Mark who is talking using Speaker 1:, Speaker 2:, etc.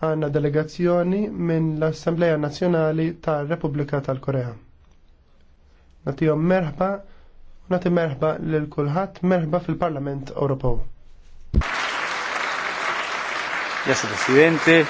Speaker 1: għanna delegazzjoni minn l-Assembleja Nazzjonali tal-Repubblika tal-Korea. Natijom merħba, nati merħba l-kulħat, merħba fil-Parlament Ewropew.
Speaker 2: Grazie Presidente.